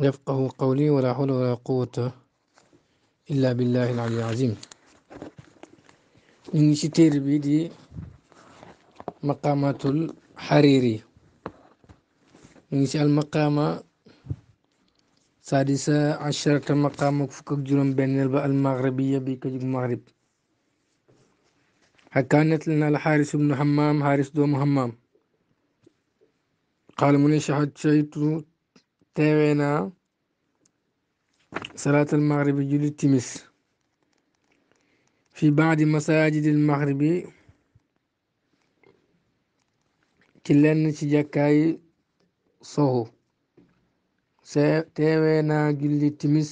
يفقه قولي ولا حول ولا قوة إلا بالله العلي العظيم إن شتير بيدي مقامات الحريري إن شاء المقامة سادسة عشرة مقام فكك جرم بين الباء المغربية بك المغرب هكانت لنا الحارس بن حمام حارس دوم حمام قال من شهد شيطان teewee naa salaatal maghribi julli timis fi baadi masaajidil maghribi ci lenn ci jàkkaay soxu teewee naa julli timis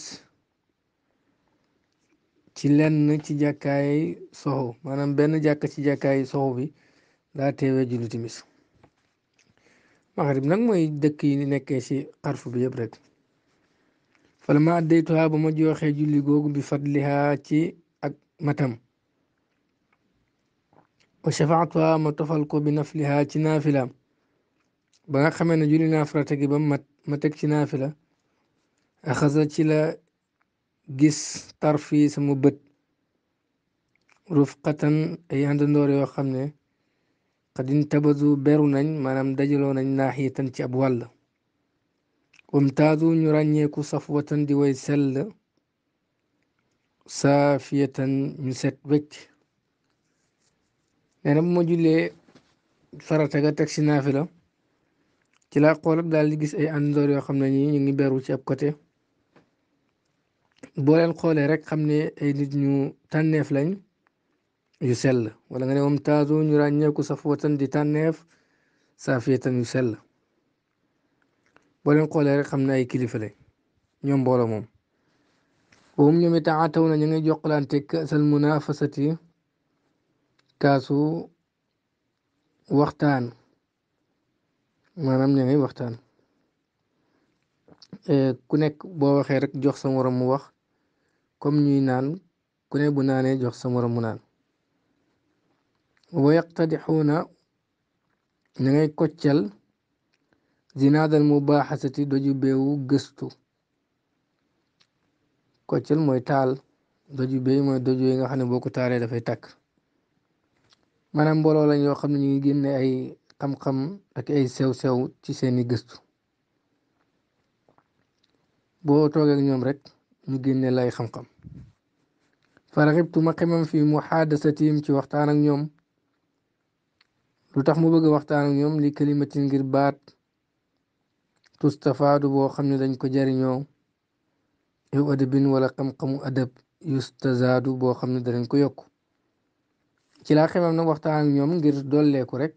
ci lenn ci jàkkaay soxu maanaam benn jàkka ci jàkkaay soxu bi daa teewee julli timis مغرب نك موي دك يي نيك سي قرف بي يب رك فلما اديتها بما جوخه جولي غوغ بفضلها تي اك متام وشفعتها متفلق بنفلها تي نافلة بغا خمنا جولي نافلة تي بام مت متك تي نافلة اخذت تي لا جس طرفي سمو بت رفقة اي عند نور يو خمنه xadin tabazu beru nañ maanaam dajaloo nañ naaxiyatan ci ab wàll wamtaazu ñu ràññeeku safwatan di woy way sell saafiyatan ñu set wecc nee na ma jullee farata ga teg si naafila ci laa xoolab daal di gis ay àndoor yoo xam ne ñi ñu ngi beru ci ab côté boo leen xoolee rek xam ne ay nit ñu tànneef lañ yu sell wala nga ne moom taazu ñu ràññeeku safwatan di tànneef saafiyatan yu sell boo leen xoolee rek xam ne ay kilifa lañ ñoom mbooloo moom wum ñoom it taataw na ñu ngi jokkalante kasal munafasati kaasu waxtaan maanaam ñu ngi waxtaan ku nekk boo waxee rek jox sa morom mu wax comme ñuy naan wa yaqtadixuuna na ngay koccal zinaadal mu baaxasati doju beewu gëstu koccal mooy taal doju beew mooy doju yi nga xam ne boo ko taaree dafay takk maanaam mbooloo lañ yoo xam ne ñu ngi génne ay xam-xam ak ay sew-sew ci seeni gëstu boo toogee ñoom rek ñu génne lay xam-xam faraxibtu ma xemam fi muhaadasatihim ci waxtaan ak ñoom lu tax mu bëgg waxtaan ak ñoom li kalimatin ngir baat tustafaadu boo xam ne dañ ko jariñoo yow adabin wala xam-xamu adab yustazaadu boo xam ne danañ ko yokk ci laa xamam nag waxtaan ak ñoom ngir dolleeku rek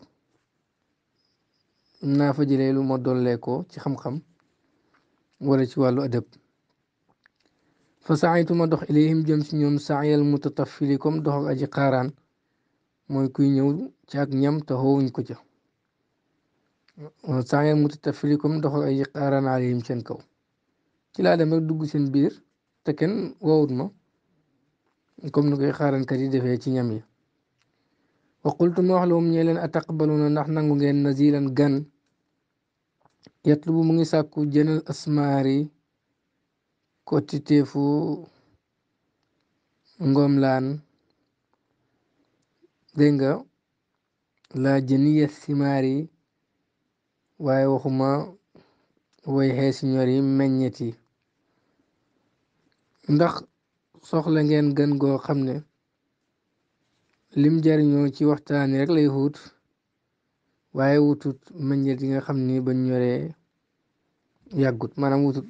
naa fa jëlee lu ma dolleekoo ci xam-xam wala ci wàllu adab fa saaytu ma dox ilayhim jëm si ñoom saayal mutatafili comme dox ak aji xaaraan mooy kuy ñëw ci ak ñam te xowuñ ko ca sàngen muti tafili comme doxal ay xaaranaal yim seen kaw ci laa dem rek dugg seen biir te kenn woowut ma comme ni koy xaarankat yi defee ci ñam yi wa qultu ma wax la moom ñee leen ataqbaluna ndax nangu ngeen nazilan gan yatlubu mu ngi sàkku jënal asmaari kotti teefu ngoom laan dégg nga laa jëniya simaar yi waaye waxuma way xee si ñor yi ndax soxla ngeen gën goo xam ne lim jariñoo ci waxtaani rek lay wut waaye wutut meññet yi nga xam ni bañ ñoree yàggut maanaam wutut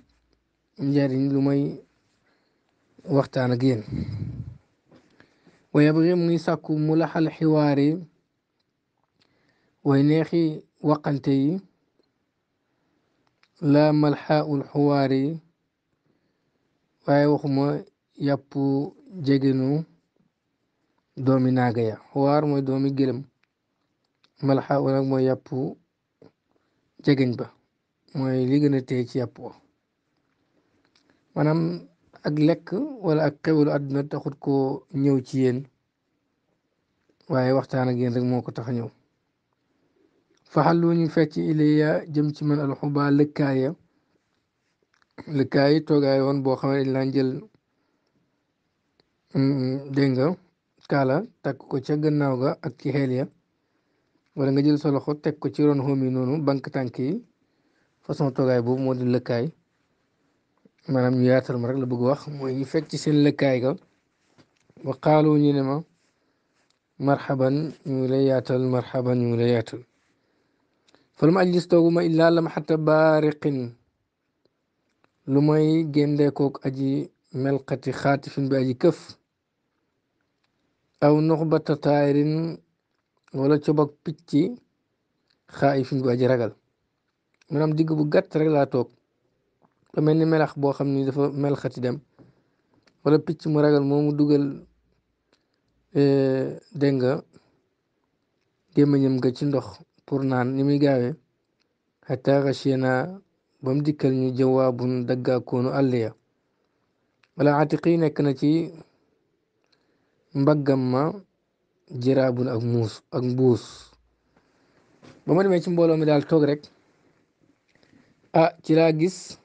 njariñ lu may waxtaan ak wa mu muy sàkku mu laxal xiwaar yi way neexi waqante yi laa malxaaul xuwaar yi waaye waxuma yàpp jeginu doomi naaga ya xuwaar mooy doomi gëlëm malxaaul nag mooy yàpp jegeñ ba mooy li gën a ci yàpp wa maanaam ak lekk wala ak xewlu àdduna taxut koo ñëw ci yéen waaye waxtaan ak yéen rek moo ko tax a ñëw faxallu ñu fecc ilayya jëm ci man alxuba lëkkaaya lëkkaay toogaay woon boo xam ne laa jël mm, dégg nga kaala takk ko ca gannaaw ga ak ci xel ya wala nga jël sa loxo teg ko ci ron xoom yi noonu bank tànk yi façon toogaay boobu moo di lëkkaay maanaam ñu yaatal ma rek la bëgg wax mooy ñu fekk ci seen lëkkaay ga wa qaalu ñu ne ma marxaban ñu ngi lay yaatal marxaban ñu ngi lay yaatal fa lam ajlis tooguma illaa lam xata baariqin lu may géndeekook aji melqati xaatifin bi aji këf aw nuxbata taayirin wala cobak picc xaayifin bi aji ragal maanaam digg bu gat rek laa lu mel ni melax boo xam ni dafa melxati dem wala picc mu ragal moomu dugal e, dégg nga gémmiñam ga ci ndox pour naan ni gaawe gaawee xataa xasiyana ba mu dikkal ñu jawaabun daggaakoonu àll ya wala atiqi nekk na ci mbaggam ma jiraabun ak muus ak mbuus ba ma demee ci mbooloo mi daal toog rek ah ci laa gis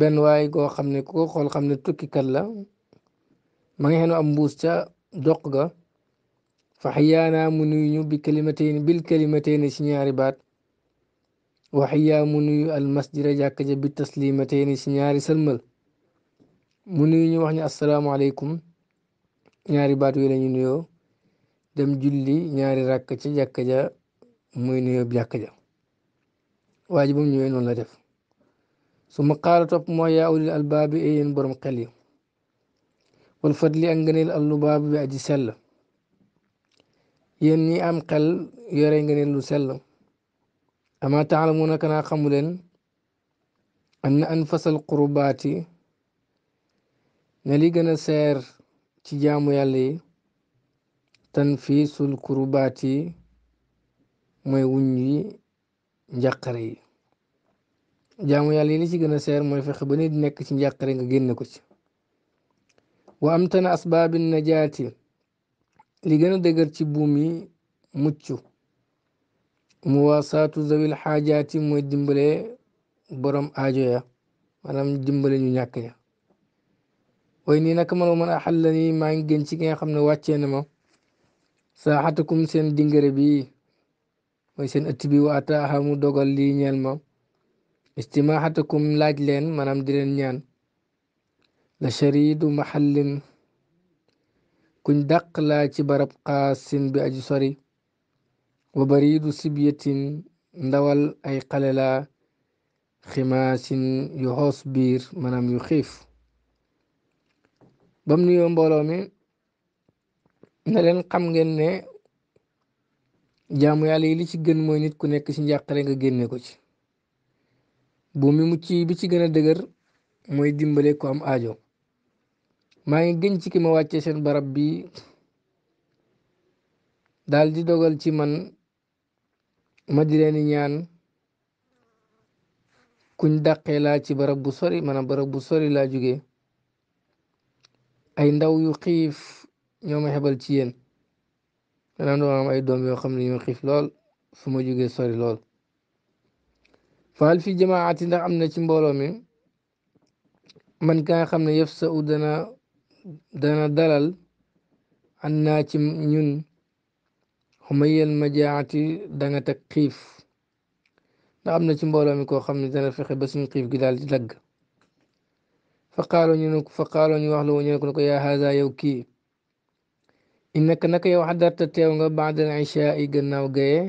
benn waay goo xam ne ku ko xool xam ne tukkikat la ma ngi xenu am mbuus ca doq ga fa xiyaanaa mu nuyu ñu bi kalimateen bil kalimateen ci ñaari baat wa xiyaa mu nuyu al masjida jàkk ja bi taslimateen ci ñaari sëlmal mu nuyu ñu wax ñu asalaamaaleykum ñaari baat wi lañu nuyoo dem julli ñaari ràkk ci jàkk ja muy nuyoo jàkk ja waa ji ba def su ma qaala topp mooy yaa ulil albaabi ay borom xel yi wal fadli ak ngëneel allubaabi bi aji sell yéen ñi am xel yore ngëneel lu sell ama taalamuuna kanaa xamu leen am na anfasal kurbaati ne li gën a seer ci jaamu yàlla yi tanfiisul qurubaati mooy wuñ yi njàqare yi jaamu yàlla yi li ci gën a seer mooy fexe ba di nekk ci njàqare nga génn ko ci wa am tana asbaabi najaati li gën a dëgër ci buum yi mucc muwaasaatu zawil xaajaati mooy dimbale borom aajo ya maanaam dimbale ñu ñàkk ña way nii naka mënoo mën a xàll maa ngi gën ci ki nga xam ne wàccee na ma saaxatakum seen dingare bi mooy seen ëtt bi wa ataaha mu dogal lii ma istimaaxatakum laaj leen maanaam di leen ñaan la sharidu mahallin kuñ daq laa ci barab xaasin bi aji sori wa baridu sibyatin ndawal ay xale laa ximaasin yu xoos biir maanaam yu xiif bam nuyoo mbooloo mi ne leen xam ngeen ne jaamu yàlla yi li ci gën mooy nit ku nekk ci njàqare nga génne ko ci buum bi ci bi ci gën dëgër mooy dimbale ko am aajo maa ngi gën ci ki ma wàccee seen barab bi daal di dogal ci man ma di leen ñaan kuñ dàqee laa ci barab bu sori maanaam barab bu sori laa jóge ay ndaw yu xiif ñoo ma xebal ci yéen maanaam dama ay doom yoo xam ne ñoo xiif lool fu ma jógee sori lool faal fi jamaati ndax am na ci mbooloo mi man ka xam ne yëf sa u dana dana dalal an naa ci ñun xumayal majaati danga teg xiif ndax am na ci mbooloo koo xam ne dana fexe ba suñ xiif gi daal di dagg fa qaaloo ñu ne fa qaaloo ñu wax la ñu ne yaa haza yow kii innaka naka yow xadarta teew nga baadal ishaa yi gannaaw gaye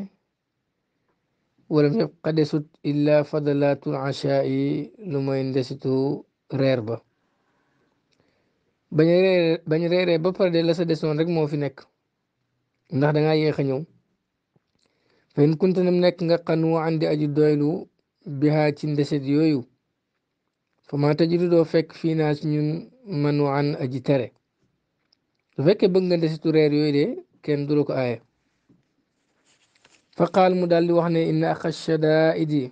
wala walam yabqa desut illa fadalatul achaa yi lu mooy ndesitu reer ba bañ reere ba par de la sa desoon rek moo fi nekk ndax danga yéex a ñëw fayn kunta nam nekk nga xan wa andi aju doylu bihaa ci ndeset yooyu fa maa tajidu doo fekk fii naa ñun manu an aji tere su fekkee bëgg nga desitu reer yooyu de kenn du ko aaye fa qaal mu daal di wax ne inna axa shadaidi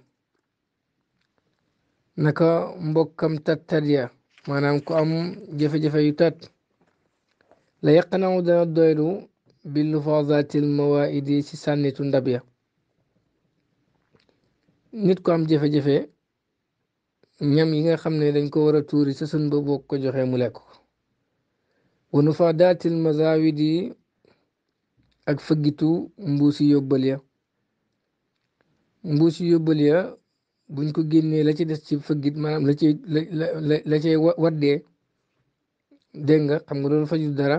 naka mbokkam tattat ya maanaam ku am jafe-jafe yu tat la yaqanawu dana doylu bi lufadatil mawaidi ci sànnitu ndab ya nit ku am jafe-jafe ñam yi nga xam ne dañ ko war a tuuri sa sun ba boo ko joxee mu lekk ko wa nufadatil mazawidi ak fëggitu mbuusi yóbbal ya mbuusi yóbbal ya buñ ko génnee la ci des ci fëggit maanaam la ci la la cay waddee dégg nga xam nga loolu fajul dara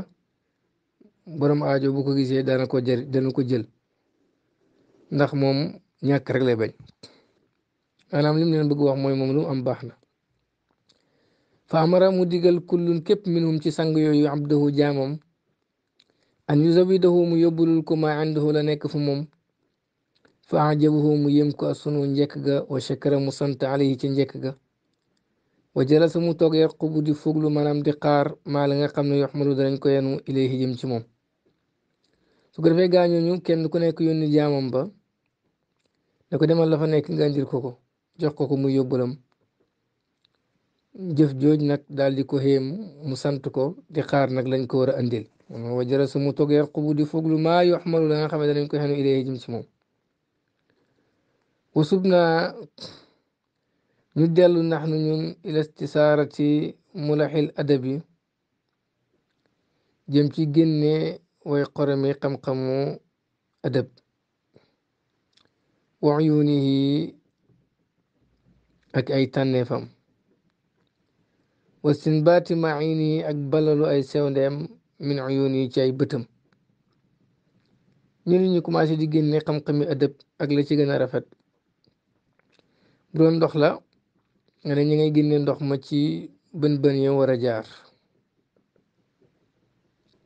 borom aajo bu ko gisee dana ko jël dana ko jël ndax moom ñàkk rek lay bañ maanaam li mu leen bëgg wax mooy moom lu am baax na fa amara mu digal kullun képp minhum ci sang yooyu abdahu jaamam an yuzawidahu mu yóbbulul ko maa indahu la nekk fu moom fa ajabahu mu yëm ko asunu njëkk ga wa shakara mu sant alayhi ci njëkk ga wa jalasa mu toog yarqubu di fuglu maanaam di xaar maa la nga xam ne yoxmalu danañ ko yenu ilayhi jëm ci moom su ko defee gaañooñu kenn ku nekk yónni jaamam ba da ko demal la nekk nga ko ko jox ko ko muy yóbbalam jëf jooj nag daal di ko xéem mu sant ko di xaar nag lañ ko war a andil wa jalasa mu toog yarqubu di fuglu maa yoxmalu la nga xam ne danañ ko yenu ilayhi ci moom usub naa ñu dellu nax nu ñun ilastisaarati mulaxil adabi jëm ci génne way xorami xam-xamu adab wa uyunihi ak ay tànneefam wa sinbaati maini ak balalu ay sewndeem min ci ay bëtam ñu ni ñu commencé di génne xam-xami adab ak la ci gën a rafet bu doon ndox la nga ne ñi ngay génne ndox ma ci bën bën yi war a jaar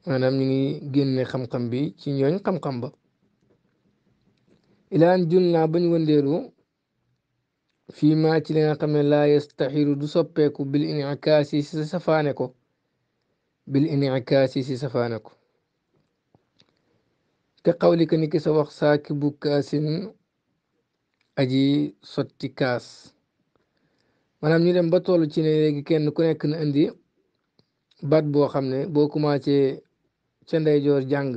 maanaam ñi ngi génne xam bi ci ñooñ xam-xam ba ilaan jun naa bañ wëndeelu fii maa ci li nga xam ne laa yastaxiru du soppeeku bil inikaasi si safaane ko bil inikaasi si safaane ko te xawli ka ni ki sa bu kaasin aji sotti kaas maanaam ñu dem ba toll ci ne léegi kenn ku nekk na indi baat boo xam ne boo commencé ca ndeyjoor jàng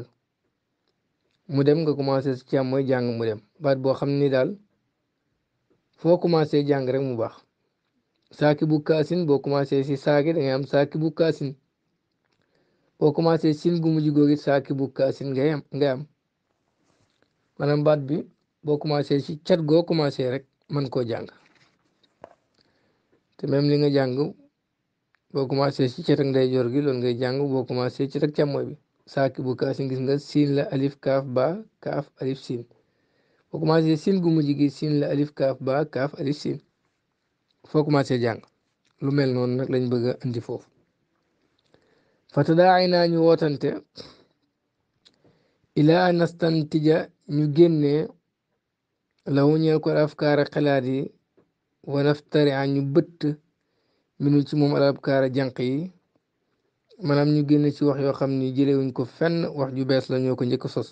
mu dem nga commencé ci mooy jàng mu dem baat boo xam ni daal foo commencé jàng rek mu baax saaki bu kaasin boo commencé si saaki da ngay am saaki bu kaasin boo commencé sin gu mujj googu saaki bu kaasin ngay am ngay am bi boo commencé ci cat goo commencé rek man koo jàng te même li nga jàng boo commencé ci cat ak ndeyjoor gi loolu ngay jàng boo commencé cat ak càmmooy bi saaki bu kaas gis nga siin la alif kaaf ba kaaf alif siin boo commencé foo commencé jàng lu mel noon nag lañ bëgg a andi foofu fatadaay naa ñu wootante ilaa nastantija ñu génnee law ñeel ko afkaara xalaat yi wanaftari a ñu bëtt minu ci moom al afkaara jànq yi maanaam ñu génn ci wax yoo xam ni jëlewuñ ko fenn wax ju bees la ñoo ko njëkk sos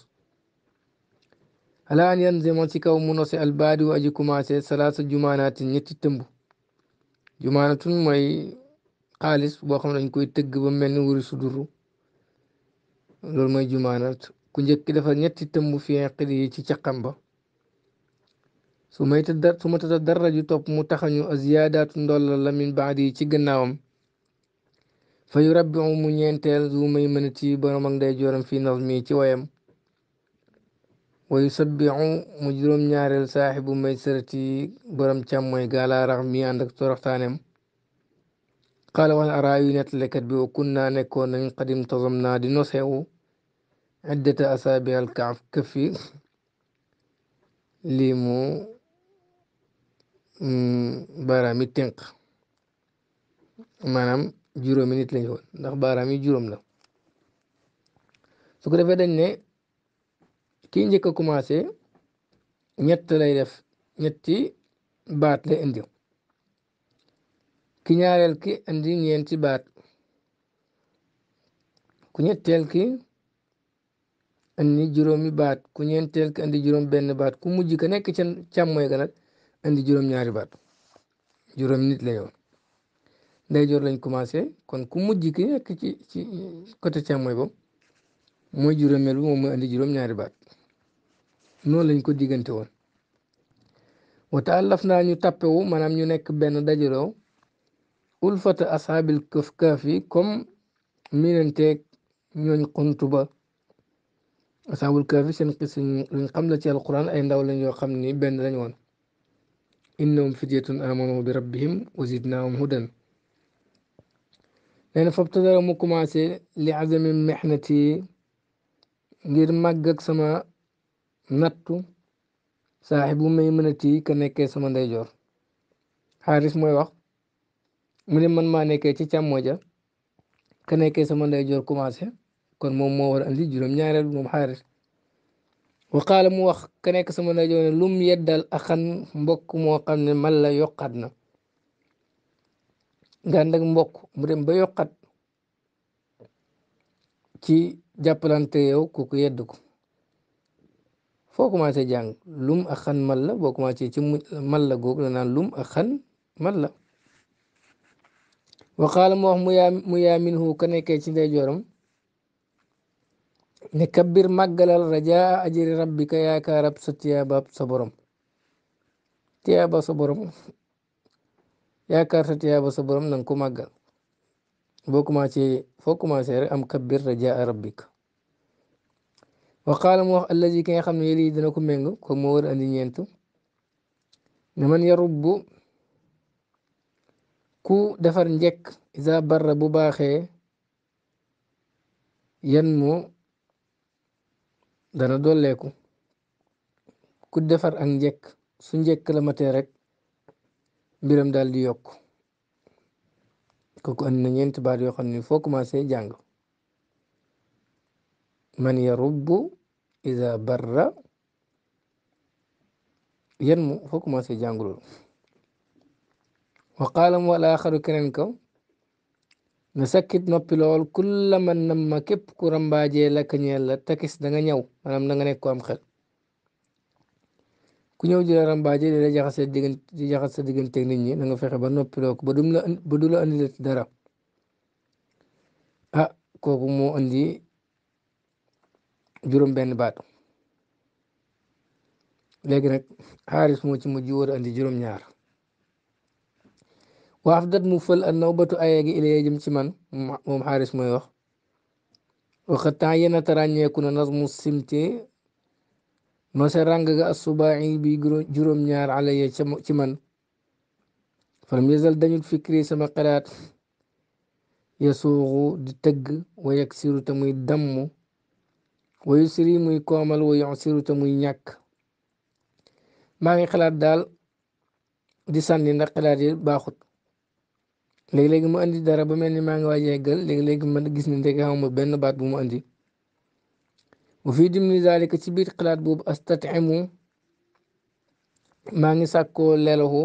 alaan yan zema ci kaw mu nose albaadi wu aji commencé salaasa jumaanaati ñetti tëmb jumaanatun moy xaalis boo xam ne dañ koy tëgg ba mel ni wuri suduru loolu mooy jumaanat ku njëkk dafa ñetti tëmb fi xid yi ci caqam ba su may tëddar su ma tëddar dara ju topp mu taxañu ziyaadaatu ndollal la min baadi yi ci gannaawam fa yu rabbi mu ñeenteel zu may mën ci borom ak day jooram fii nazmi ci wayam wa yusabbihu mu juróom-ñaareel saaxibu may sërati borom càmmooy gaala rax mi ànd ak toroxtaaneem qaala wal araayu nettalekat bi wa kun naa nekkoon nañ xadim tazam naa di nosewu iddata asaabi al kaaf këfi lii mu Mm, baaraam yi tënk maanaam juróomi nit lañu ndax baaraam yi juróom la su ko defee dañ ne kii njëkk a commencé ñett lay def ñetti baat lay indi ki ñaareel ki indi ñeenti baat ku ñetteel ki indi juróomi baat ku ñeenteel ki indi juróom benn baat ku mujj ka nekk ca càmmooy ga nag indi juróom-ñaari baat juróom nit la yoon ndeyjoor lañ commencé kon ku mujj ki nekk ci ci côté càmmooy ba mooy juróomeel bi moom mooy juróom-ñaari baat noonu lañ ko diggante woon wata àllaf naa ñu tàppewu maanaam ñu nekk benn dajaloo ulfata asaabil kaf kaaf yi comme miinanteeg ñooñ xuntu ba asaabul kaaf yi seen xis luñ xam la ci alquran ay ndaw lañ yoo xam ni benn lañ woon innahum fidyatun amanu bi rabbihim wa zidnaahum hudan nee na foofu dara mu commencé li azami mexnati ngir màgg ak sama nattu saaxibu may mënati ka nekkee sama ndeyjoor xaaris mooy wax mu ne man maa nekkee ci càmmooja ka nekkee sama ndeyjoor commencé kon moom moo war a andi juróom moom xaaris waqaala mu wax ka nekk sama ndaje ne lum yeddal axan mbokk moo xam ne man la yokkat na nga mbokk mu dem ba yokkat ci jàppalante yow kooku yedd ko foo commencé jàng lum axan man la boo commencé ci man la googu la naan lum axan man la waqaala mu wax mu yaa mu yaa minhu ka nekkee ci ndeyjooram ne kabbir màggalal rajaa ajiri rabbika yaakaarab sa tiyaabab sa borom tiyaaba sa borom yaakaar sa tiyaaba sa borom nanga ko màggal boo commencé foo commencé rek am kabbir rajaa rabbika wa qaala mu wax allazi ki nga xam ne yëlii dina ko méng ko moo war andi ñeent ne man yarubbu ku defar njëkk isa barra bu baaxe yan moo dana dolleeku ku defar ak njëkk su njëkk la matee rek mbiram daal di yokk kooku am na ñeenti baat yoo xam ne foo commencé jàng man yarubbu iza barra yan mu foo commencé jàng loolu wa qaala mu wal kaw na sakkit noppilool lool kulla man nam ma képp ku rambaajee lakka ñeel la takis da nga ñëw maanaam da nga nekk ko am xel ku ñëw jëla rambaajee di la jaxase diggante di jaxas sa diggante nit ñi da nga fexe ba noppi loo ko ba dum la ba du la dara ah kooku moo andi juróom benn baat léegi nag xaaris moo ci mujj war andi juróom ñaar waaf dat mu fël ak nawbatu aye gi ilayee jëm ci man moom xaaris mooy wax waxa temps yéen a taràññeeku na nasmu simte nose ràng ga asubaayi bi juróom-ñaar alaye ci man falam yësal dañut fikri sama xalaat yasuuxu di tëgg wa yaksiru te muy damm wa yusri muy koomal wa yusiru te muy ñàkk maa ngi xalaat daal di sànni ndax xalaat yi baaxut léegi-léegi mu andi dara ba mel ni maa ngi waaj yeggal léegi-léegi ma gis ne ndeke xawma benn baat bu mu andi bu fii dimni zalika ci biir kalaat boobu astatimu maa ngi sàkkoo leelaxu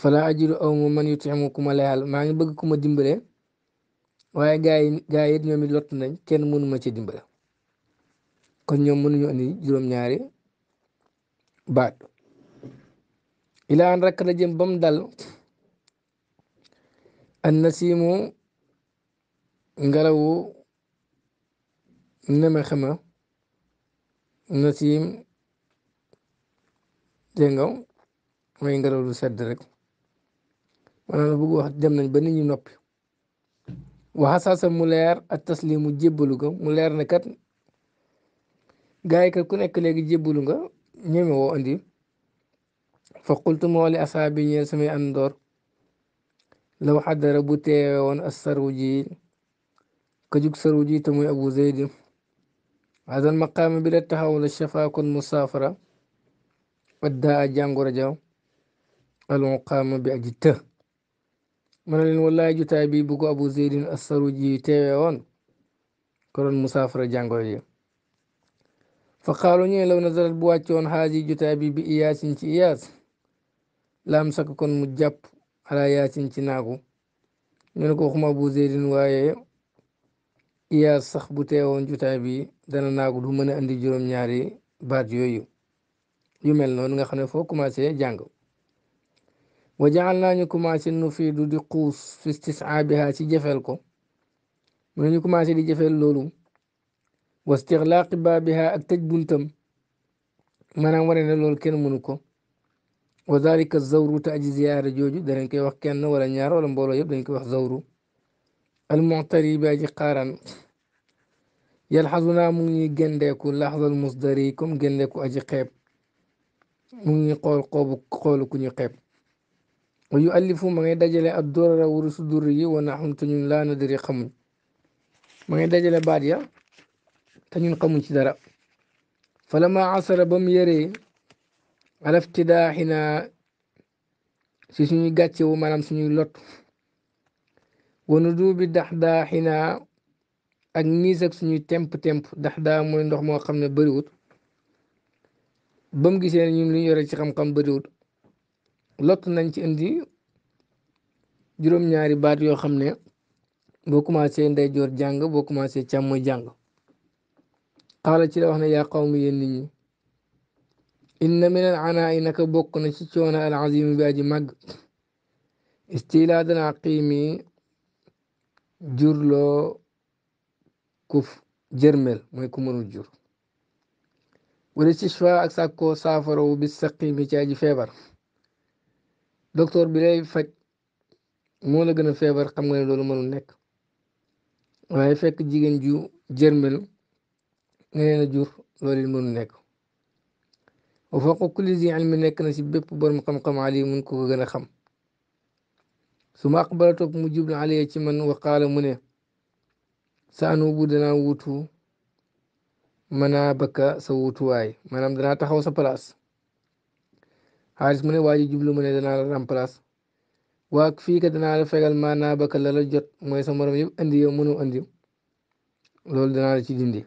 fala ajiru aw ma man yutimu ku ma leyal maa ngi bëgg ku ma dimbale waaye gaa yi gaa lott nañ kenn mënu ma ci dimbale kon ñoom mënuñu andi juróom-ñaari baat ilaan rakk la jëm ba dal annasiimu ngelawu neme xema nasiim dégg nga ngelaw lu sedd rekk maanaam la bëgg wax dem nañ ba nit ñi noppi waxasaasa mu leer ak taslimu jébbalu ga mu leer na kat gaa yi kat ku nekk léegi jébbalu nga ñeme woo andi fa qultu moo asaabi ñeen samay àndoor لو حد ربوتي وان السروجي كجوك سروجي تموي ابو زيد هذا المقام بلا تهاون الشفاء كن مسافرة ودا اجان قرجو المقام بأجته من الان والله جو تابيبك ابو زيد السروجي تيوان كرن مسافرة جان فقالوا لو نزل البواتيون هذه جو تابيب اياس انت اياس لامسك كن مجابو ala yaasin ci naagu ñu ne ko waaye Iyaas sax bu teewoon jotaay bi dana naagu du mën a andi juróom-ñaari baat yooyu yu mel noonu nga xam ne foo commencé jàng wa jaal naa ñu commencé nu fii du di xuus fi istisaabiha ci jëfeel ko mu ne ñu commencé di jëfeel loolu wa istixlaaqi baabiha ak tëj buntam maanaam waree ne loolu kenn mënu ko وذلك الزور تأجي زيارة جوجو دهنك وكي أنه ولا نيارة ولا مبولا يب دهنك وح زورو المعتري باجي قارن يلحظنا مني جندكو لحظة المصدريكم جندكو أجي قيب مني قول قوب قول كني قيب ويؤلف من يدجل الدرر ورس دري ونحن تنين لا ندري خمج من يدجل باديا تنين خمج دارا فلما عصر بم يري daa iftidaaxina si suñu gàcce wu maanaam suñuy lot wanu duubi dax daaxina ak niis ak suñuy temp-temp dax daa mooy ndox moo xam ne bëriwut ba mu gisee ñun lu ñu yore ci xam-xam bëriwut lot nañ ci indi juróom-ñaari baat yoo xam ne boo commencé ndeyjoor jàng boo commencé càmmoy jàng xaala ci la wax ne yaa qawmi yéen nit ñi inna min al anaa naka bokk na ci coono al azim bi aji mag istilaadan aqimi jurloo kuf jërmel mooy ku mënul jur wala ci choix ak sàkkoo saafara wu bis saqimi ci aji feebar docteur bi lay faj moo la gën a feebar xam nga ne loolu mënul nekk waaye fekk jigéen ju jërmel nga leen a jur loolu it mënul nekk wa fawqa kulli zi ilmi nekk na si bépp borom xam-xam ali mun ko ko gën a xam su ma aqbala topp mu jublu ali ci man wa qaala mu ne saanu bu danaa wuutu manaa bakka sa wuutuwaay maanaam danaa taxaw sa place xaalis mu ne waa ji jublu mu ne danaa la am place waa fii ka danaa la fegal maanaa bakka la la jot mooy sa morom yëpp andi yow mënu andi loolu danaa la ci dindi.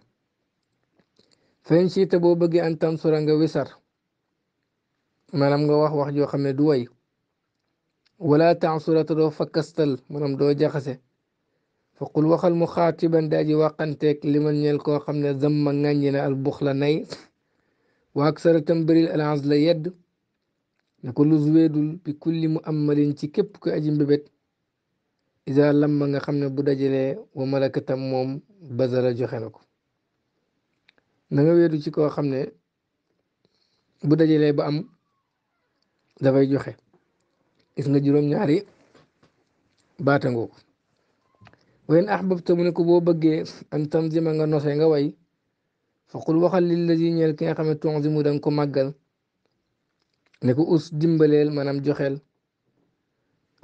feeñ si te boo bëggee an tam sura wisar maanaam nga wax wax joo xam ne du way wala taasura te doo fakkastal maanaam doo jaxase fa qul waxal mu xaatiban daaji li liman ñeel koo xam ne zamma ŋàññi na al buxla nay wa aksara tam bëril alance la yedd ne ko lu zuweedul bi kulli mu ammalin ci képp ku aji mbébét isa lamma nga xam ne bu dajalee wa malakatam moom bazara joxe na ko na nga weedu ci koo xam ne bu dajalee ba am dafay joxe gis nga juróom-ñaari baata ngoo wayen ahbabta mu ne ko boo bëggee an tanzima nga nose nga way faqul waxal lillazi ñeel ki nga xam ne mu danga ko màggal ne ko us dimbaleel maanaam joxeel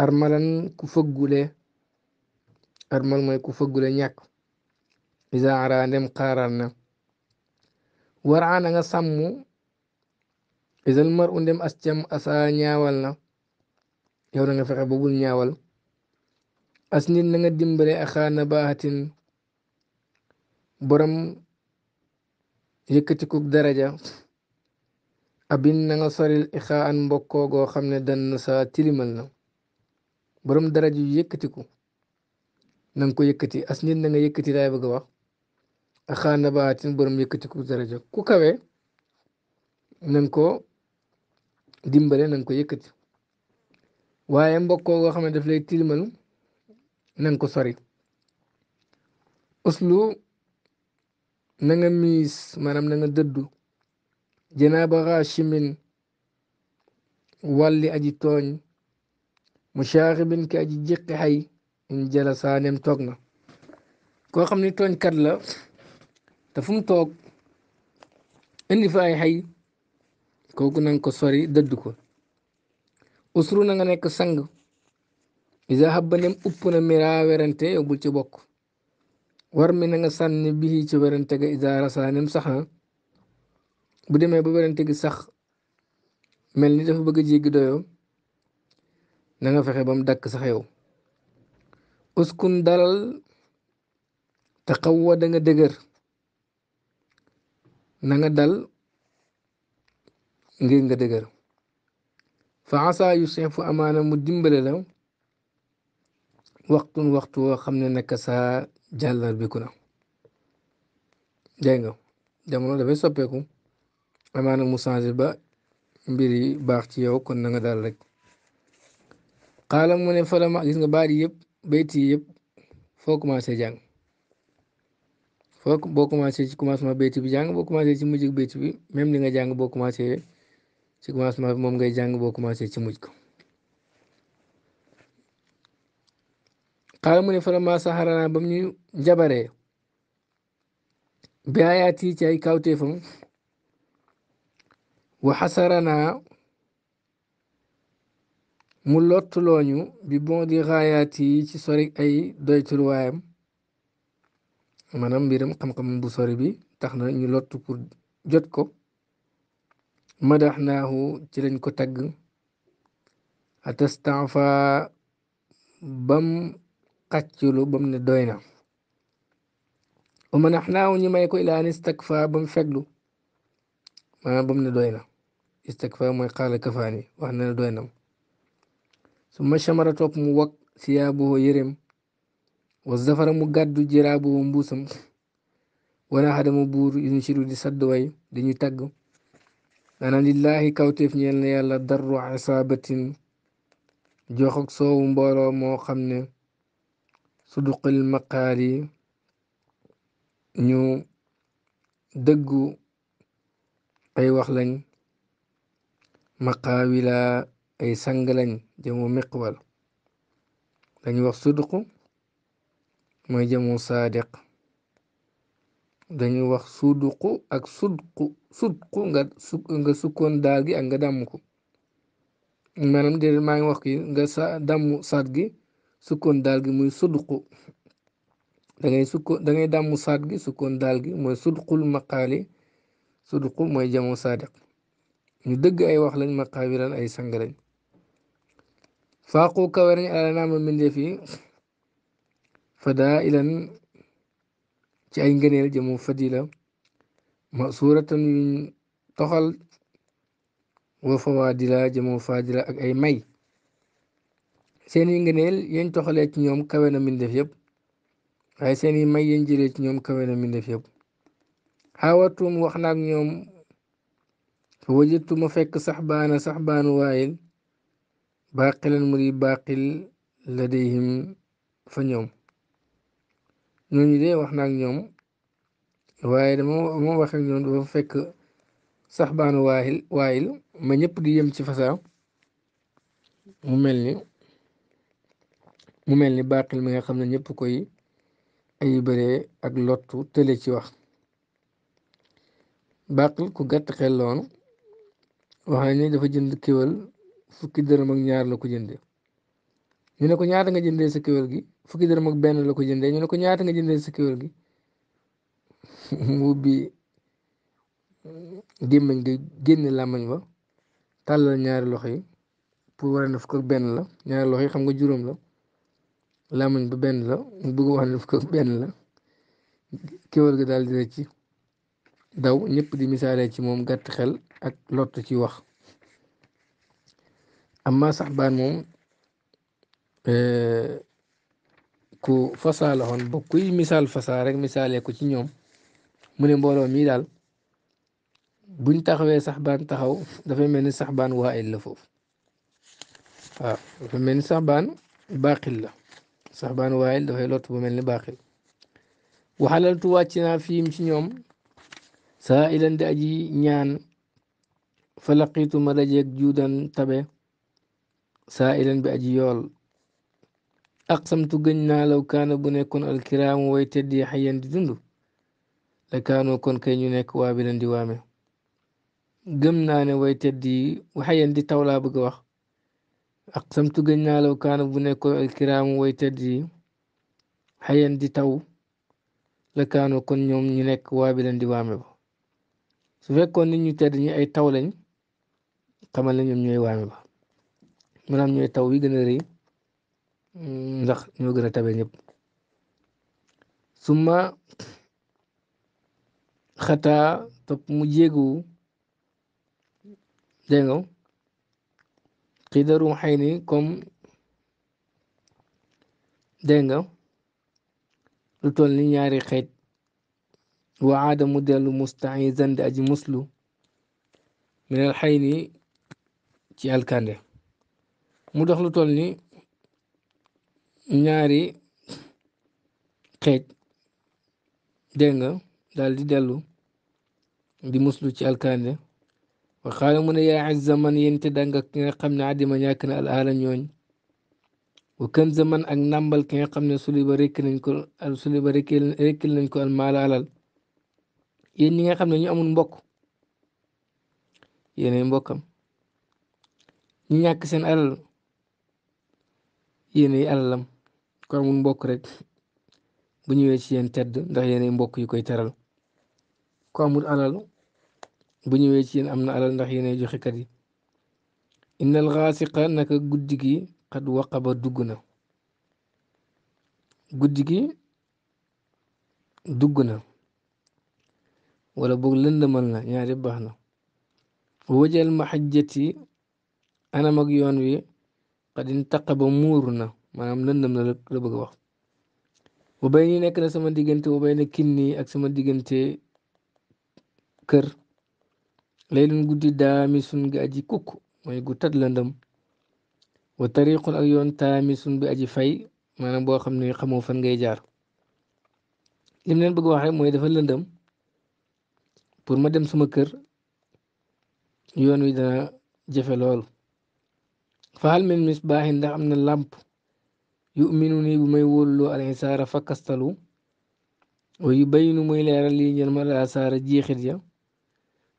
armalan ku fëggule armal mooy ku fëggule ñàkk isa ara ndem xaaral na waraan nga isal mar undem as cam asaa ñaawal na yow fexe ba bul ñaawal as nit na nga dimbale axaa na borom yëkkati kuk daraja abin na nga soril ixaa an mbokkoo goo xam ne dan na saa tilimal na borom daraja yu yëkkatiku na nga ko yëkkati as nit na nga yëkkati laay bëgg a wax axaa na baaxatin borom yëkkati kuk daraja ku kawe na ko dimbale na ko yëkkati waaye mbokkoo goo xam ne daf lay tilimal na ko sori uslu nanga nga miis maanaam na dëddu janaaba xaashimin wàlli aji tooñ mu shaaxibin ki aji jëqi xay in jala saanem toog na koo xam ne tooñkat la te fu mu toog indi fa ay kooku na nga ko sori dëdd ko usru na nga nekk sang isa xabba nem upp na mira werante yow bul ci bokk war mi na nga sànni bii ci werante ga isa rasa nem saxan bu demee ba werante gi sax mel ni dafa bëgg a jéggi doyoo na nga fexe ba mu dakk sax yow uskun dalal taxaw wa da dëgër na dal ngir nga dëgër fa asa yusin fu amaana mu dimbale la waxtun waxtu woo xam ne nekk saa jàllar bi ku na dégg nga jamono dafay soppeeku amaana mu changé ba mbir yi baax ci yow kon na nga daal rek xaala mu ne falama gis nga baat yëpp bayt yi yëpp foo commencé jàng foo boo commencé ci commencement bayti bi jàng boo commencé ci mujj bayti bi même li nga jàng boo commencé ci commencement bi moom ngay jàng boo commencé ci mujj ko xaala mu ne faramaa saxarana ñu jabaree bi ayaat yi ci ay kawteefam wa xasaranaa mu lottulooñu bi bon di xaayaat yi ci sori ay doyturuwaayam maanaam mbiram xam-xam bu sori bi tax na ñu lottu pour jot ko madaxnaahu ci lañ ko tagg atastanfa bam xàcculu bam ne doy na wa manaxnaahu ñu may ko ilaan istakfa bam feglu maanaam bam ne doy na istakfa mooy xaala kafaani wax na doy na su ma chamara topp mu wag siyaabuhu yëreem wa zafara mu gàddu jiraabuhu mbuusam wana xadama buur yuñ siru di sadd way di ñu tagg maanaam lillahi kawteef ñeel na yàlla darru asaabatin jox ak soowu mbooloo moo xam ne suduqil maqaar yi ñu dëggu ay wax lañ maqaawila ay sang lañ jëmu miqwal dañu wax suduq mooy jëmu saadiq dañuy wax suduqu ak sudqu sudqu nga sukkoon daal gi ak nga dàmm ko maanaam déedéet maa ngi wax ki nga sa dàmm saat gi sukkoon daal gi muy sudqu da ngay sukko dàmm saat gi sukkoon daal gi mooy sudqul maqaali sudqu mooy jamoo saadiq ñu dëgg ay wax lañ maqaabiran ay sang lañ faaqu kawe nañ alanaama mbindeef fadaa ilan ci ay ngëneel jëmu fadila ma suuratan yuñ toxal wa fawaadila jëmu faadila ak ay may seeni ngëneel yen toxalee ci ñoom kawe na mbindeef yëpp waaye seeni may yañ jëlee ci ñoom kawe na mbindeef yëpp xaawatum ñoom fa wajëttu ma fekk sax baana sax baanu waayil baaqilan muri baaqil ladayhim fa ñoom ñooñu de wax na ak ñoom waaye dama ma wax ñoom dafa fekk sax baanu waayil ma ñépp di yem ci fasaa mu mel ni mu mel ni baaxil mi nga xam ne ñëpp koy ay bëree ak lottu tële ci wax baaxil ku gàtt xel loonu wax ne dafa jënd kéwél fukki dërëm ak ñaar la ko jëndee ñu ne ko ñaata nga jëndee sa kéwél gi. fukki dërëm ak benn la ko jëndee ñu ne ko ñaata nga jëndee sa kéwél gi mu ubbi gémmañ gi génne làmmañ ba tàllal ñaari loxo yi pour war ne fukk benn la ñaari loxo yi xam nga juróom la làmmañ ba benn la mu bëgg wax ne fukk benn la kéwél gi daal dina ci daw ñépp di misaalee ci moom gàtt xel ak lott ci wax amma sax baan moom eh, ku fasaa la xoon ba kuy misaal fasaa rek misaalee ko ci ñoom mu ne mbooloo mii daal buñ taxawee sax baan taxaw dafay mel ni sax baan waa il la foofu waaw dafay mel ni sax baan baaxil la sax baan waa il dafay lott bu mel ni baaxil waxalaltu wàcc fiim ci ñoom saa ilan di aji ñaan fa laqiitu ma dajeeg juudan tabe saa ilan bi aji yool aqsamtu gëñ naa law kaana bu nekkoon alkiraamu way teddi xayan di dund kaanoo kon kay ñu nekk waa bi leen di waame gëm naa ne way teddi xayan di taw laa bëgg a wax aqsamtu gëñ naa law kaana bu nekkoon alkiraamu way teddi xayan di taw la kon ñoom ñu nekk waa bi di waame ba su fekkoon nit ñu tedd ñi ay taw lañ xamal ne ñoom ñooy waame ba maanaam ñooy taw yi gën a ndax ñoo gën a tabe ñëpp topp mu jéegu dégg nga xidarum xëy ni comme dégg nga lu toll ni ñaari xeet wa aada mu dellu mustaizan di aji muslu minal xëy ci alkande mu dox lu ni ñaari xeej dégg nga daal di dellu di muslu ci alkande waxaala mu ne yaa izza man yente danga ki nga xam ne àddima ñàkk na al aala ñooñ wa kën zaman ak nàmbal ki nga xam ne suliba rekk nañ ko suliba rekkil nañ ko al maala alal yéen ñi nga xam ne ñu amul mbokk yéenay mbokkam ñi ñàkk seen alal yéenay ko amul mbokk rek bu ñëwee ci yéen tedd ndax yéenay mbokk yu koy teral ku amul alal bu ñëwee ci yéen am na alal ndax yéenay joxekat yi innal xaasiqa naka guddi gi xat waqaba dugg na guddi gi dugg na wala boog lëndëmal na ñaari baax na wajal mahajjati anam ak yoon wi xadin taqaba muur na maanaam lëndëm na la la bëgg a wax bu bay nii nekk na sama diggante bu bay na kinni ak sama diggante kër lay lun guddi daami sun gi aji kukk mooy gu tat lëndëm wa tariqun ak yoon taami sun bi aji fay maanaam boo xam ne xamoo fan ngay jaar lim leen bëgg wax mooy dafa lëndëm pour ma dem sama kër yoon wi dana jafe lool faal min mis baaxi ndax am na làmp يؤمنني بما يولو على إسارة فكستلو ويبين ما يلير لي نجم على إسارة جي خرجة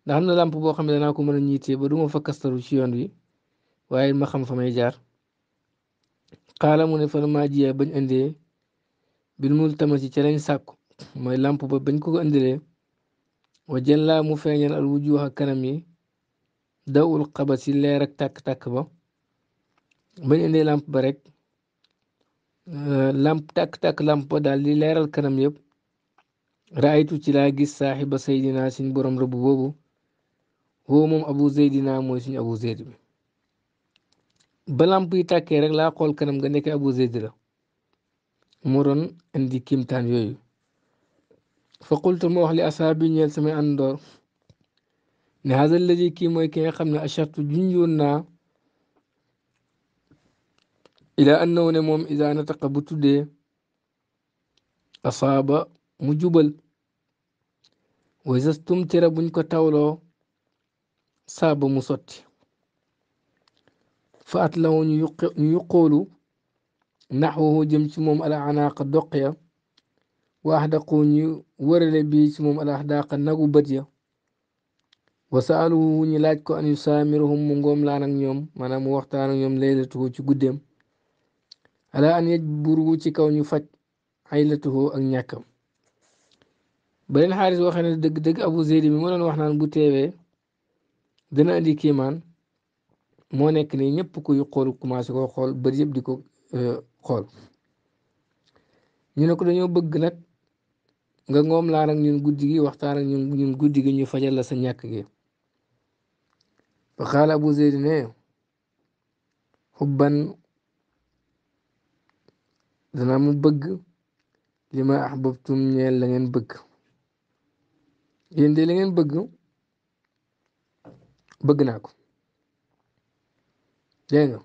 نحن لام بوا خم دنا كم نجيت بدو ما فكستلو شيء عندي وعي ما خم فما يجار قال من فلما جي بن عندي بالملتمة تلين ساكو ما لام بوا بن كو عندي وجل لا مفعين الوجوه كرمي دو القبس اللي رك تك تك بو من عندي لام بريك Euh, lamp takk takk lamp daal di leeral kanam yëpp raaytu ci laa gis saaxiba saydina suñ borom rëbb boobu woo moom abu zeydina mooy suñu abu zeyd bi ba lamp yi tàkkee rek laa xool kanam ga nekk abu zeyd la moo doon indi kimtaan yooyu fa qultu ma wax li asaabi ñeel samay àndoor ne haza alladi kii mooy ki nga xam ne achartu junjoon naa ilaa annahu ne moom idaa nataqa bu tuddee asaaba mu jubal wa istumtira buñ ko tawloo saaba mu sotti fa at law ñu yuqoolu naxwahu jëm ci moom ala anaaqa doq ya wa axdaqu ñu warale bii ci moom ala axdaaqa nagu bët ya wa saaluhu ñu laaj ko an yusaamiruhum mu ngoom laan ak ñoom maanaam mu waxtaan ak ñoom laylatuhu ci guddeem ala an yajburu ci kaw ñu faj aylatuhu ak ñàkkam ba leen xaaris waxee ne dëgg-dëgg abu zeydi mi mu doon wax naan bu teewee dana andi kiimaan moo nekk ni ñëpp kuy xool commencé koo xool bari yëpp di ko euh, xool ñu ne ko dañoo bëgg nag nga ngoom laan ak ñun guddi gi waxtaan ak ñun ñun guddi gi ñu fajal la sa ñàkk gi fa abu zeydi ne xubban dana mu bëgg lima ma ahbabtum ñeel la ngeen bëgg yéen de la ngeen bëgg bëgg naa ko dégg nga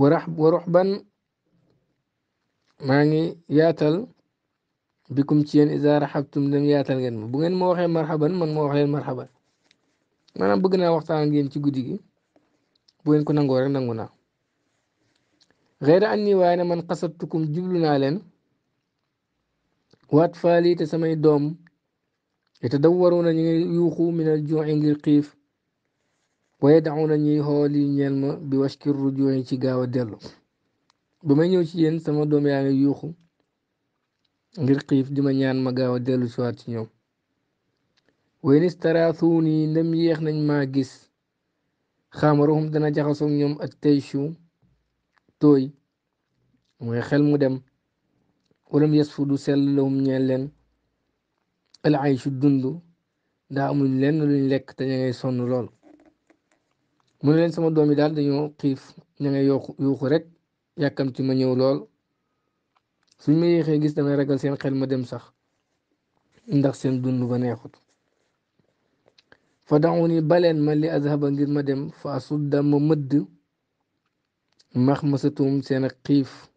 warax warox ban maa ngi yaatal bikum ci yéen isa raxabtum dem yaatal ngeen ma bu ngeen ma waxee marxaban man ma wax leen marxaban maanaam bëgg naa waxtaan ak yéen ci guddi gi bu ngeen ko nangoo nangu naa xeyra anni waaye ne man xasattukum jublu naa leen waat faali te samay doom te dawwaru na ñu ngi yuuxu minal juuci ngir xiif waaye daxu na ñuy xool yi ñeel ma bi washkir rujuuci ci gaaw a dellu ba may ñëw ci yéen sama doom yaa ngi yuuxu ngir xiif di ma ñaan ma gaaw a dellu si waat ci ñoom waaye nis taraasuuni ndem yéex nañ maa gis xaamaruhum dana jaxasoog ñoom ak taychu tooy mooy xel mu dem walam yes fu du sell lahum ñeel leen al ayshu dund daa amuñ lenn luñ lekk te ña ngay sonn lool mu ne leen sama doom yi daal dañoo xiif ña ngay yooxu yuuxu rek yàkkam ti ma ñëw lool suñ ma yéexee gis damay ragal seen xel ma dem sax ndax seen dund ba neexut fa daxu ni baleen ma li azhaba ngir ma dem fa asudda ma mëdd max masatum seen ak xiif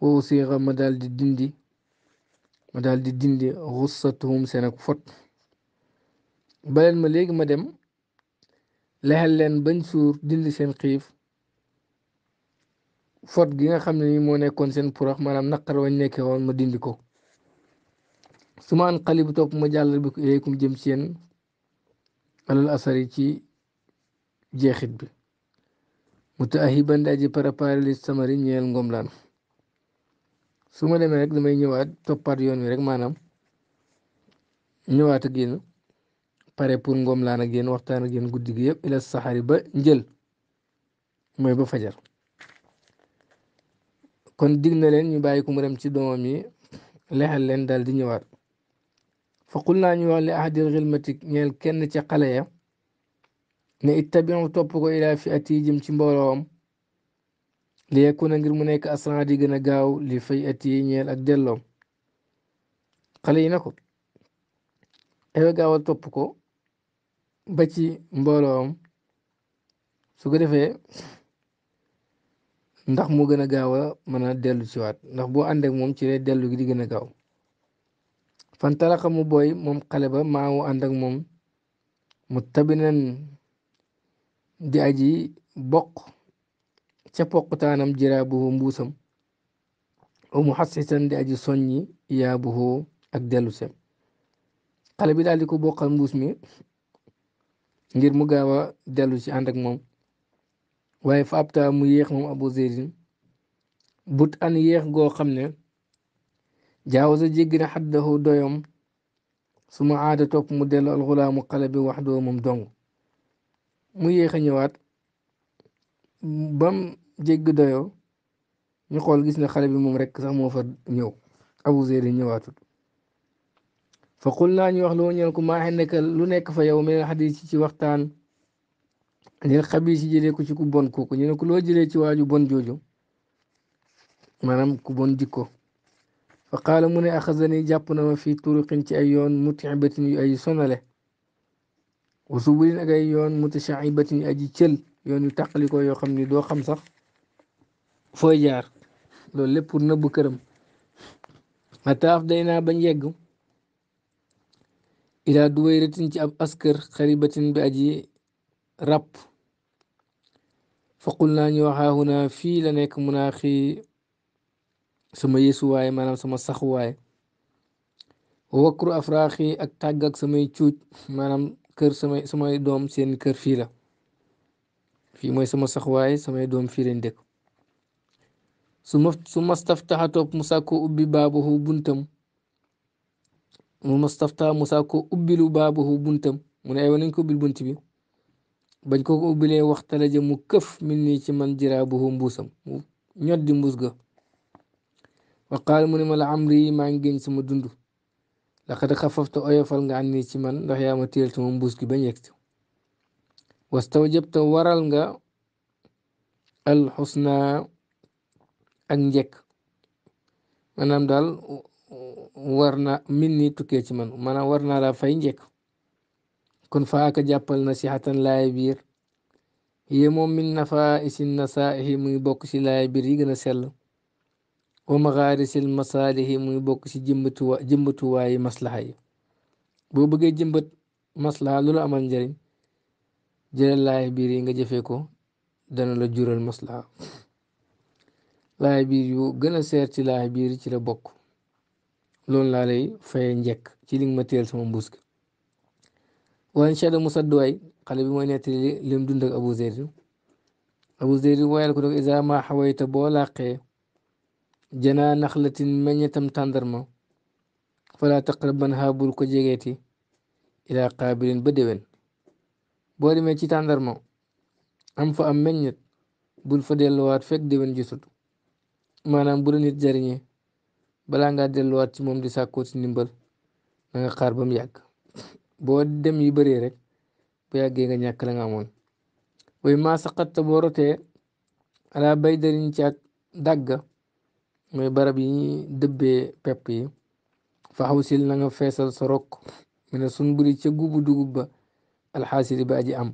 wow sixa ma daal di dindi ma daal di dindi xussatum seen ak fot baleen ma léegi ma dem lexel leen bañ suur dindi seen xiif fot gi nga xam ne nii moo nekkoon seen purax maanaam naqar wañ nekkee woon ma dindi ko su ma an topp ma jàll bi ko jëm ci yéen alal asari ci jeexit bi mutaahiban daaji préparé li samari ñeel ngomlaan su ma demee rek damay ñëwaat toppaat yoon wi rek maanaam ñëwaat ak yéen pare pour ngomlaan ak yéen waxtaan a yéen guddi gi yëpp ila saxari ba njël mooy ba fajar kon dig na leen ñu bàyyi ko mu dem ci doomam yi lexal leen daal di ñëwaat fa naa ñu wax li ahadil xilmatik ñeel kenn ca xale ya ne ittabiu topp ko ilaa fi ati jëm ci mbooloom li yakuna ngir mu nekk asran di gën a gaaw li fay ati ñeel ak delloom xale yi na ko ewe gaawal topp ko ba ci mbooloom su ko defee ndax mu gën a gaaw a mën a dellu ci waat ndax boo ànd ak moom ci lay dellu gi di gën a gaaw fan talaxa mu booy moom xale ba maa mu ak moom mu tabinan di aji bokk ca poqtaanam jiraabuhu mbuusam aw mu xasisan di aji soññi yaabuhu ak delluse sem xale bi daal ko bokkal mbuus mi ngir mu gaaw a dellu ak moom waaye faabta mu yéex moom abu zeydin but an yéex goo xam ne jaawasa jéggi na xaddahu doyom su ma mu dellu alxulaamu xale bi wax doo moom dong mu yéex a ñëwaat bam jégg doyoo ñu xool gis na xale bi moom rek sax moo fa ñëw abu zeydi ñëwaatut fa qul naa ñu wax loo ñeel ko maa nekk lu nekk fa yow mel xadis ci waxtaan leen xabiis yi ko ci ku bon kooku ñu ne ko loo jëlee ci waaju bon jooju maanaam ku bon jikko fa qaala mu ne axasani jàpp na ma fii turuqin ci ay yoon mutibatin yu ay sonale wasubulin ak ay yoon mutashaibatin aji cël yoon yu tàqali yoo xam ni doo xam sax fooy jaar loolu lépp pour nëbb këram mataaf day naa bañ yegg ilaa duwayratin ci ab askër xaribatin bi aji ràpp faqul naa ñu waxaa huna fii la nekk munaaxi sama yeesuwaay maanaam sama saxuwaay wakru afraaxi ak tàgg ak samay cuuj maanaam kër samay samay doom seen kër fii la fii mooy sama saxwaay samay doom fii lañ dëkk su ma su mastaftaxa topp mu sàkkoo ubbi baabahu buntam mu mastaftaxa mu sàkkoo ubbilu baabahu buntam mu ne aywa nañ ko ubbil bunt bi bañ koo ko ubbilee waxtala ja mu këf min nii ci man jiraabuhu mbuusam mu ñoddi mbuus ga wa qaal mu ne ma la amri maa ngi génn sama dund laqad xafafta oyofal nga am man ndax yaa ma téyel sama mbuus gi bañ yegg si wastawjabta waral nga alxusna ak njëkk maanaam daal war na min ni tukkee ci man maanaam war naa njek fay njëkk kon faaka jàppal nasihatan laay biir yé moom min nafa isin nasaihi muy bokk si laay biir yi gën a sell wa maxaarisil masaalihi muy bokk ci jëmbatuwa jëmbatuwaayi maslaha yi boo bëggee jëmbat maslaha lu la amal njëriñ jëlal laay biir yi nga jëfee ko dana la jural maslaha laay biir yu gën a seer ci biir ci la bokk loolu laa lay faye njekk ci li nga ma teel sama mbuus gi waa incha allah musadduwaay xale bi mooy nettali lim dund ak Abu Zeydi Abu Zeydi wayal ko nag isa ma xawayta boo làqee janaa naxlatin meññetam tàndarma fala taqraban ha bul ko jegeeti ilaa qaabilin ba déwén boo demee ci tàndarma am fa am meññet bul fa dellowaat fekk déwén jotut maanaam bu la nit jariñee balaa ngaa delluwaat ci moom di sàkkoo ci ndimbal na nga xaar ba mu yàgg boo dem yi bëree rek bu yàggee nga ñàkk la nga amoon way maa saqatta boo rotee ala bay darin ci dagga mooy barab yi ñuy dëbbee pepp yi faxaw sil na nga feesal sorok rokk mu ne sun ca gubu dugub ba alxaasiri ba aji am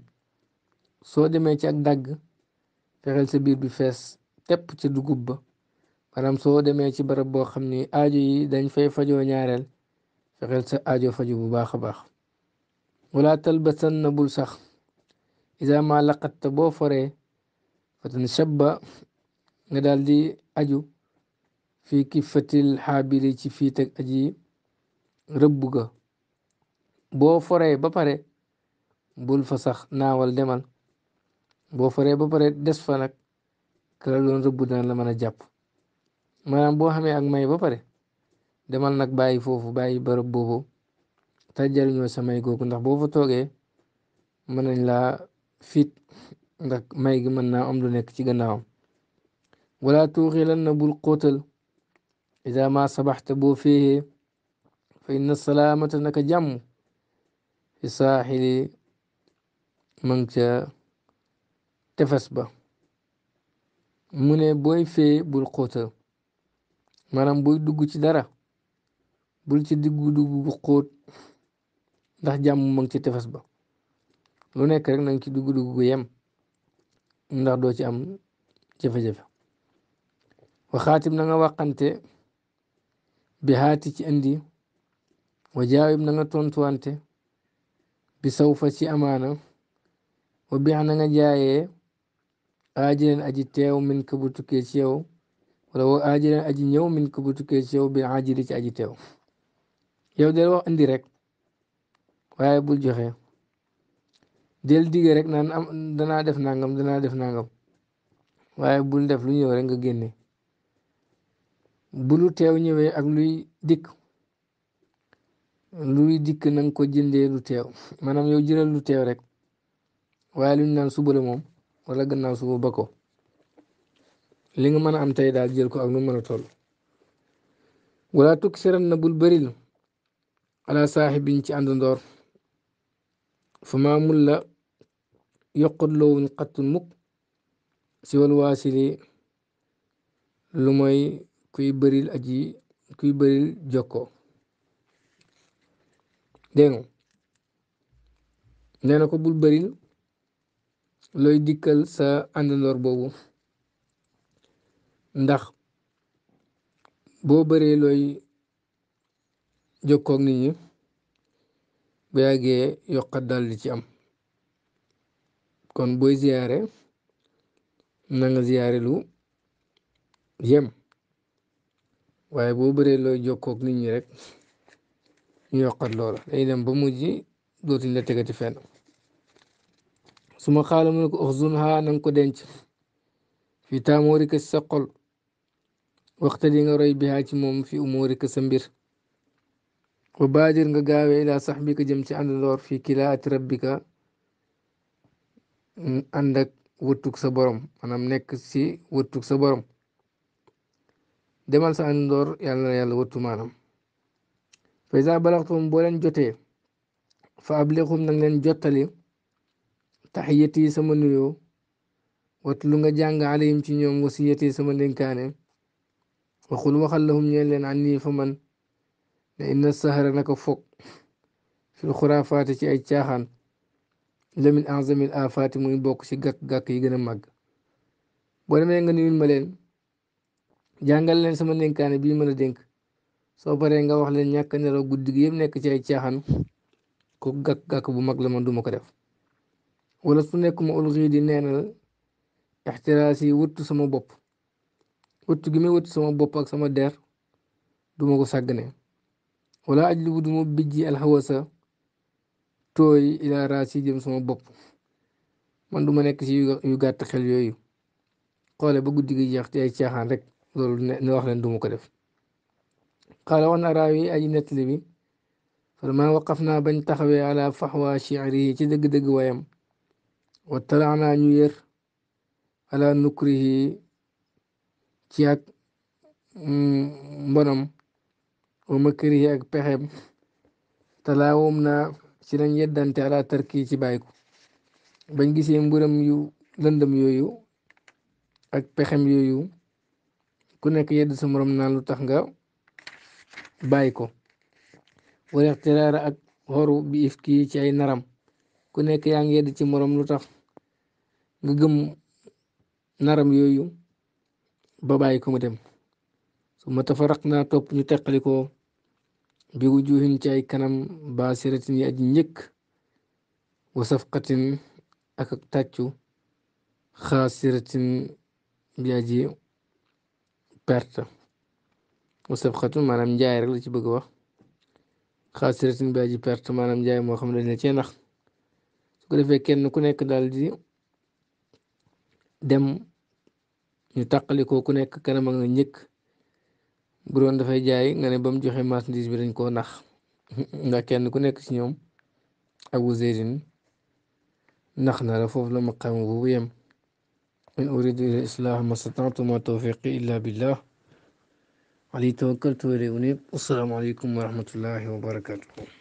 soo demee ci ag dagg fexeel sa biir bi fees tepp ca dugub ba maanaam soo demee ci barab boo xam ni aajo yi dañ fay fajoo ñaareel fexeel sa aajo faju bu baax a baax wala talbasan na bul sax isa ma laqatta boo foree fatan shabba nga daal di aju fii kifatil xaabili ci fii teg aji rëbb ga boo foree ba pare bul fa sax naawal demal boo foree ba pare des fa nag kala doon rëbb dana la mën a jàpp maanaam boo xamee ak may ba pare demal nag bàyyi foofu bàyyi barab boobu te jëriñoo sa may googu ndax boo fa toogee mën nañ laa fit ndax may gi mën naa am lu nekk ci gannaawam wala tuuxi lan bul xóotal ida ma sabaxta boo feexee fa inna salaamata naka jàmm fi saaxili man ca tefes ba mu ne booy fee bul xóotal maanaam booy dugg ci dara bul ci diggu dugg bu xóot ndax jàmm ma ci tefes ba lu nekk rek na nga ci dugg dugg gu yem ndax doo ci am jafe-jafe waxaatim na nga bi haati ci andi wa jaawib na nga tontuwante bi sawfa ci amaana wa bix na nga jaaye aajileen aji teew min ka bu tukkee ci yow wala wa aji ñëw min ka bu tukkee ci yow bi aajili ci aji teew yow del wax andi rek waaye bul joxe del dige rek naan am def nangam danaa def nangam waaye bul def lu ñëw rek nga génne bu lu teew ñëwee ak luy dikk luy dikk na nga ko jëndee lu teew maanaam yow jëral lu teew rek waaye lu ñu naan suba moom wala gannaaw suba ba ko li nga mën a am tey daal jël ko ak nu mën a toll wala tuksiran na bul bëril ala saaxibin ci àndandoor fa maamul la yoqut loowuñ xattun mukk si wal waasili lu kuy bëril aji kuy bëril jokkoo dégg nga nee na ko bul bëril looy dikkal sa àndandoor boobu ndax boo bëree looy jokkoog nit ñi bu yàggee yokkat dal ci am kon booy ziyaare na nga ziyaare lu yem waaye boo bëree loo jokkoo ak nit ñi rek ñu yokkat loola day dem ba mujj dootuñ la tegati fenn suma xaala mu ne ko haa na nga ko denc fi taamóori ka sa xol waxta di nga roy bihaa ci moom fi umóori ka sa mbir wa baadir nga gaawee ilaa sax bi saxbika jëm ci àndandoor fii kilaati rabbika ànd ak wëttug sa borom maanaam nekk ci wëttug sa borom. demal sa àndoor yàlla na yàlla wattu maanaam fa isa balaxtum boo leen jotee fa ablixum nag leen jottali taxiyati sama nuyoo wat lu nga jàng alayhim ci ñoom wasiyati sama ndénkaane waxul waxal lahum ñeen leen an nii fa man ne inna sahara naka foog fil xuraafaati ci ay caaxaan lamin azamil afaati muy bokk ci gàkk-gàkk yi gën a màgg boo nga nuyul ma leen jàngal leen sama dénkaane bii mën a dénk soo baree nga wax leen ñàkk nelaw guddi gi nekk ci ay caaxaan ko gàkk gàkk bu mag la man duma ko def wala su nekk ma ulxii di neenal ixtiraas yi wëttu sama bopp wëttu gi may wëttu sama bopp ak sama der duma ko sàggane wala ajlibu duma bijji alxawasa tooy ilaa raas yi jëm sama bopp man duma nekk ci yu gàtt xel yooyu xoole ba guddi gi jeex ci ay caaxaan rek loolu ne na wax leen du ma ko def qaala wan araawi aji nettali bi falma waqaf naa bañ taxawee ala faxwa chi'rihi ci dëgg-dëgg wayam wa naa ñu yër ala nukrihi ci ak mm, mbonam wa makrihi ak pexem talaawum naa ci lañ yeddante ala tarki ci bàyyi bañ gisee mburam yu lëndëm yooyu ak pexem yooyu ku nekk yedd sa morom naan lu tax nga bàyyi ko wala ixtiraara ak xoru bi if kii ci ay naram ku nekk yaa ngi yedd ci morom lu tax nga gëm naram yooyu ba bàyyi ko mu dem su ma tafaraq naa topp ñu teqali ko bi wujuhin ci ay kanam baasiratin yi aji njëkk wa safqatin ak ak tàccu xaasiratin bi aji perte wasabxatu maanaam njaay rek la ci bëgg wax xaasiratin bi aji perte maanaam njaay moo xam ne dañ la nax su ko defee kenn ku nekk daal di dem ñu tàqali ko ku nekk kanam a nga njëkk bu doon dafay jaay nga ne joxe marchandise bi dañ koo nax ndax kenn ku nekk ci ñoom Abu Zeydin nax na la foofu la maqaam boobu yem إن أريد إلى الإصلاح ما استطعت وما توفيقي إلا بالله علي توكلت وإلي أنيب والسلام عليكم ورحمة الله وبركاته